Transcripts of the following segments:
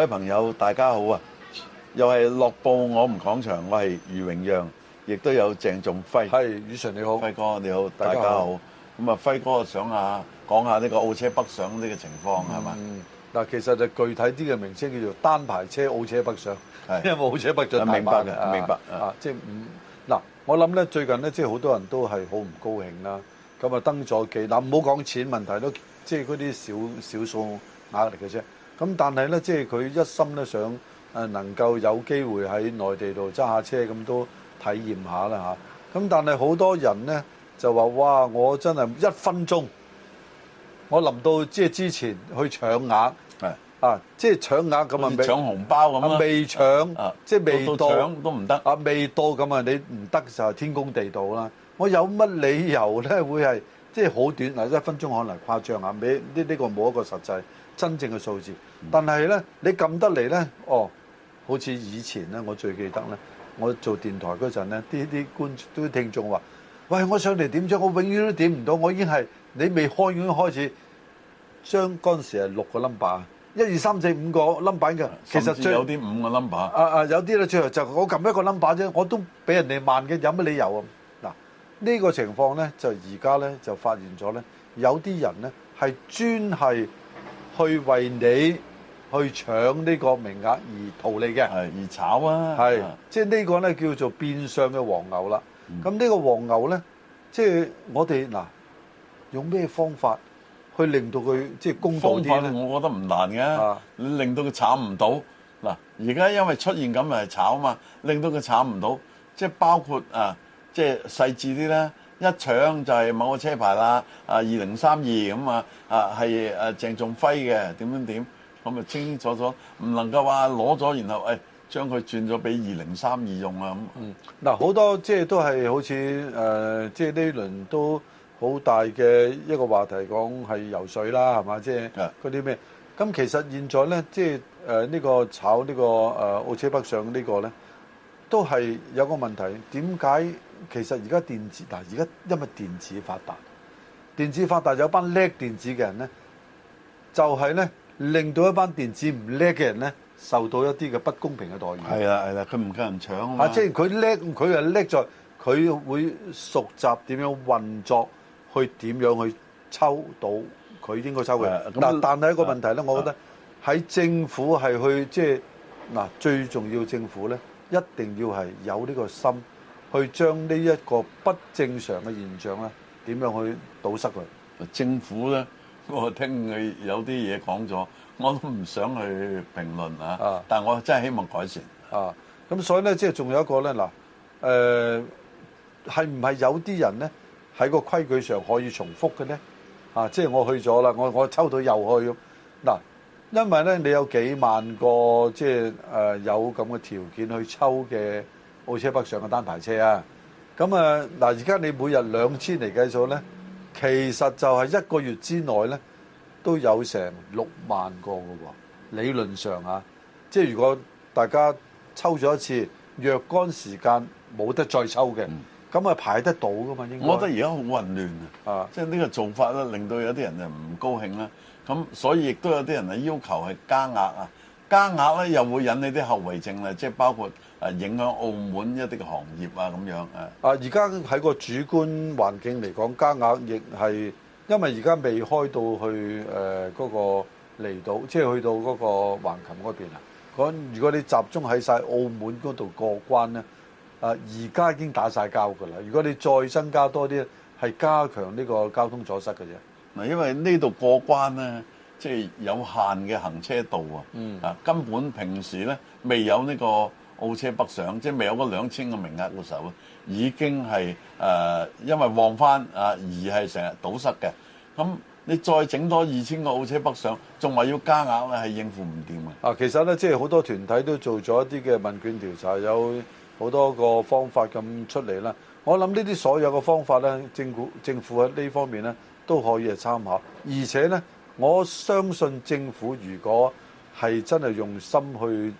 各位朋友，大家好啊！又係《樂報我唔講場》，我係余榮讓，亦都有鄭仲輝。係宇晨你好，輝哥你好，大家好。咁啊，輝哥想下講下呢個澳車北上呢個情況係嘛？嗯，嗱吧，其實就具體啲嘅名稱叫做單牌車澳車北上，是因為冇車北咗？明白嘅，明白啊！即係唔嗱，我諗咧最近咧即係好多人都係好唔高興啦。咁啊，登咗記嗱，唔好講錢問題都，即係嗰啲少少數壓力嘅啫。咁但係咧，即係佢一心咧想誒能夠有機會喺內地度揸下車咁，都體驗下啦嚇。咁但係好多人咧就話：哇！我真係一分鐘，我臨到即係之前去搶額，是啊，即係搶額咁啊，搶紅包咁啦。未、啊、搶，啊、即係未到，到搶都唔得。啊，未到咁啊，你唔得就係天公地道啦。我有乜理由咧會係即係好短啊？一分鐘可能誇張啊？俾呢？呢、呢個冇一個實際，真正嘅數字，但係咧，你撳得嚟咧，哦，好似以前咧，我最記得咧，我做電台嗰陣咧，啲啲觀眾，都聽眾話，喂，我上嚟點張，我永遠都點唔到，我已經係你未開已經開始將，將嗰陣時係六個 number，一、二、三、四、五個 number 嘅，其實有啲五個 number 啊啊，有啲咧，最後就我撳一個 number 啫，我都比人哋慢嘅，有乜理由啊？嗱，呢個情況咧，就而家咧就發現咗咧，有啲人咧係專係。去為你去搶呢個名額而套利嘅，係而炒啊，係是是 即係呢個咧叫做變相嘅黃牛啦。咁呢、嗯、個黃牛咧，即係我哋嗱，用咩方法去令到佢即係公道啲咧？我覺得唔難嘅，是啊、你令到佢炒唔到嗱。而家因為出現咁咪係炒嘛，令到佢炒唔到，即係包括啊，即係細緻啲啦。一搶就係某個車牌啦，啊二零三二咁啊，啊係誒鄭仲輝嘅點點點，咁啊清清楚楚，唔能夠話攞咗然後誒、哎、將佢轉咗俾二零三二用啊咁、嗯。嗯，嗱好多即係都係好似誒，即係呢輪都好大嘅一個話題講係游水啦，係嘛？即係嗰啲咩？咁其實現在咧，即係誒呢個炒呢、呢個誒、呃、澳車北上個呢個咧，都係有個問題，點解？其實而家電子嗱，而家因為電子發達，電子發達有一班叻電子嘅人咧，就係咧令到一班電子唔叻嘅人咧，受到一啲嘅不公平嘅待遇。係啦，係啦，佢唔夠人搶啊！即係佢叻，佢啊叻在佢會熟習點樣運作，去點樣去抽到佢應該抽嘅。嗱，啊，但係一個問題咧，的我覺得喺政府係去即係嗱，最重要政府咧，一定要係有呢個心。去將呢一個不正常嘅現象咧，點樣去堵塞佢？政府咧，我聽佢有啲嘢講咗，我都唔想去評論嚇。啊，啊但我真係希望改善。啊，咁所以咧，即係仲有一個咧嗱，係唔係有啲人咧喺個規矩上可以重複嘅咧？啊，即係我去咗啦，我我抽到又去。嗱、啊，因為咧你有幾萬個即係、呃、有咁嘅條件去抽嘅。澳車北上嘅單排車啊，咁啊嗱，而家你每日兩千嚟計數咧，其實就係一個月之內咧都有成六萬個㗎喎，理論上啊，即係如果大家抽咗一次，若干時間冇得再抽嘅，咁啊排得到㗎嘛。應該。我覺得而家好混亂啊，即係呢個做法咧，令到有啲人就唔高興啦。咁所以亦都有啲人啊要求係加額啊。加額咧又會引起啲後遺症咧，即係包括誒影響澳門一啲行業啊咁樣啊。啊，而家喺個主觀環境嚟講，加額亦係，因為而家未開到去誒嗰、呃嗰個離島，即係去到嗰個橫琴嗰邊啊。咁如果你集中喺晒澳門嗰度過關咧，啊而家已經打晒交噶啦。如果你再增加多啲，係加強呢個交通阻塞嘅啫。嗱，因為呢度過關咧。即係有限嘅行車道啊！嗯、啊，根本平時呢未有呢個澳車北上，即係未有嗰兩千個名額嘅時候已經係誒、呃、因為旺翻啊，而係成日堵塞嘅。咁你再整多二千個澳車北上，仲話要加額呢係應付唔掂嘅啊！其實呢，即係好多團體都做咗一啲嘅問卷調查，有好多個方法咁出嚟啦。我諗呢啲所有嘅方法呢，政府政府喺呢方面呢都可以係參考，而且呢。我相信政府如果係真係用心去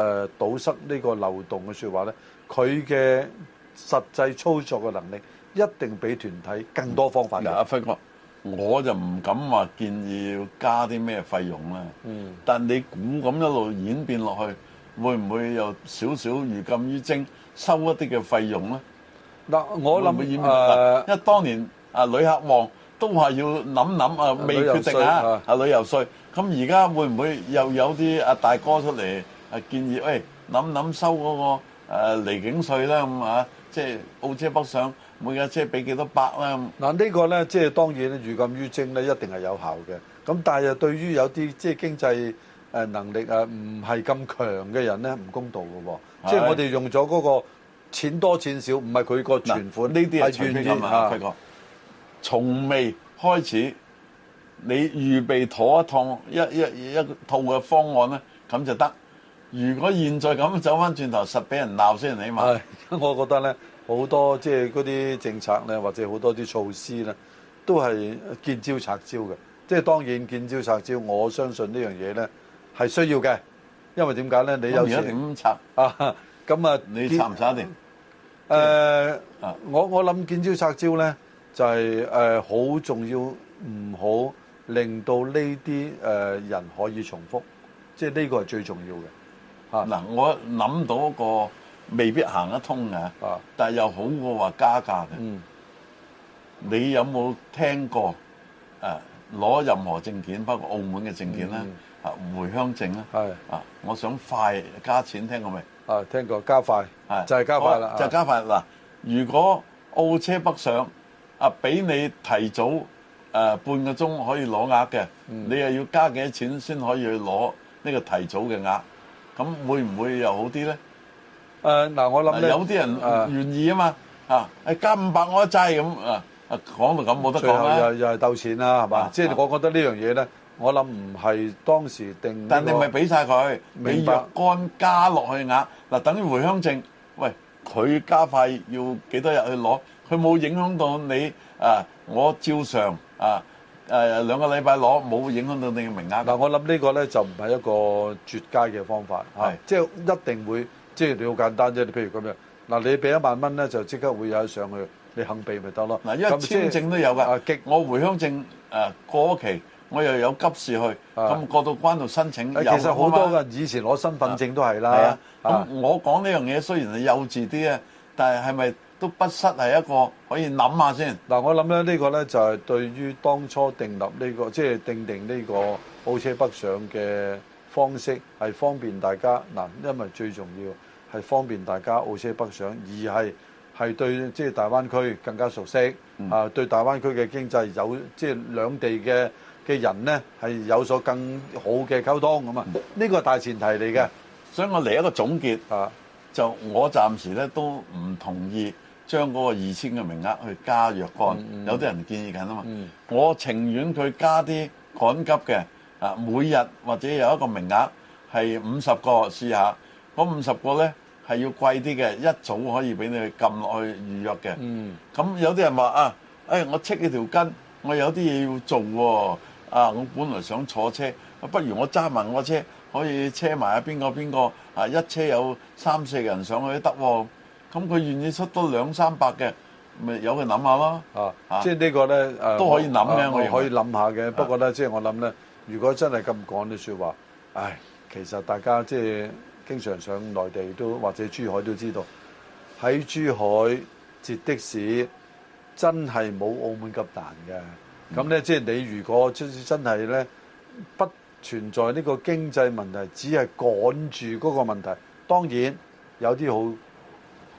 誒堵塞呢個漏洞嘅説話咧，佢嘅實際操作嘅能力一定比團體更多方法。阿輝哥，我就唔敢話建議加啲咩費用啦。嗯，但你估咁一路演變落去，會唔會有少少餘鉛於徵收一啲嘅費用咧？嗱，我諗誒，會演變，因為當年啊，旅客旺。都係要諗諗啊，未決定啊，啊旅遊稅。咁而家會唔會又有啲啊大哥出嚟啊建議？喂，諗諗收嗰個誒離境稅啦，咁啊，即係澳車北上，每架車俾幾多百啦？嗱，呢個咧即係當然咧，預禁預徵咧一定係有效嘅。咁但係又對於有啲即係經濟誒能力誒唔係咁強嘅人咧，唔公道嘅喎。即係我哋用咗嗰個錢多錢少，唔係佢個存款，呢啲係完全嚇。從未開始，你預備妥一趟一一一套嘅方案咧，咁就得。如果現在咁走翻轉頭，實俾人鬧先，起碼。係，我覺得咧，好多即係嗰啲政策咧，或者好多啲措施咧，都係見招拆招嘅。即係當然見招拆招，我相信呢樣嘢咧係需要嘅，因為點解咧？你有時唔拆啊？咁啊？你拆唔拆定？誒，我我諗見招拆招咧。就係誒好重要，唔好令到呢啲誒人可以重複，即係呢個係最重要嘅。嗱，我諗到一個未必行得通嘅，但係又好過話加價嘅。你有冇聽過誒攞任何證件，包括澳門嘅證件咧？啊，回鄉證咧？啊，我想快加錢，聽過未？啊，聽過加快，就係加快啦。就係加快嗱，如果澳車北上。啊！俾你提早誒、啊、半個鐘可以攞額嘅，嗯、你又要加幾多錢先可以去攞呢個提早嘅額？咁會唔會又好啲咧？誒嗱、呃，我諗有啲人願意啊嘛啊加五百我一制咁啊！講、哎啊啊、到咁冇得講、啊、又又係鬥錢啦，係嘛、啊？即係吧我覺得呢樣嘢咧，我諗唔係當時定、那個。但你咪俾晒佢，白你若干加落去嘅額嗱、啊，等於回鄉證。喂，佢加快要幾多日去攞？佢冇影響到你啊！我照常啊，誒兩個禮拜攞冇影響到你嘅名額。嗱，我諗呢個咧就唔係一個絕佳嘅方法，係即係一定會，即係你好簡單啫。你譬如咁樣，嗱，你俾一萬蚊咧，就即刻會有得上去，你肯俾咪得咯？嗱，因為簽證都有㗎，我回鄉證誒過咗期，我又有急事去，咁過到關度申請有啊嘛。其實好多嘅，以前攞身份證都係啦。係啊，咁我講呢樣嘢雖然係幼稚啲啊，但係係咪？都不失係一個可以諗下先。嗱，我諗咧，呢個呢，就係對於當初訂立呢、這個，即、就、係、是、定定呢個澳車北上嘅方式，係方便大家。嗱，因為最重要係方便大家澳車北上，而係係對即係大灣區更加熟悉啊，嗯、對大灣區嘅經濟有即係、就是、兩地嘅嘅人呢，係有所更好嘅溝通咁啊。呢、嗯、個大前提嚟嘅，所以、嗯、我嚟一個總結啊，就我暫時呢都唔同意。將嗰個二千嘅名額去加若干、嗯嗯、有啲人建議緊啊嘛。嗯、我情願佢加啲趕急嘅啊，每日或者有一個名額係五十個試下。嗰五十個呢係要貴啲嘅，一早可以俾你去撳落去預約嘅。咁、嗯嗯、有啲人話啊，哎、我戚起條筋，我有啲嘢要做喎、哦。啊，我本來想坐車，不如我揸埋我車，可以車埋啊邊個邊個啊，一車有三四個人上去都得喎。咁佢願意出多兩三百嘅，咪有佢諗下囉。啊，啊即係呢個咧，啊、都可以諗嘅，啊、我可以諗下嘅。啊、不過咧，即、就、係、是、我諗咧，如果真係咁講啲說話，唉、哎，其實大家即係經常上內地都或者珠海都知道，喺珠海接的士真係冇澳門咁難嘅。咁咧、嗯，即、就、係、是、你如果真真係咧，不存在呢個經濟問題，只係趕住嗰個問題，當然有啲好。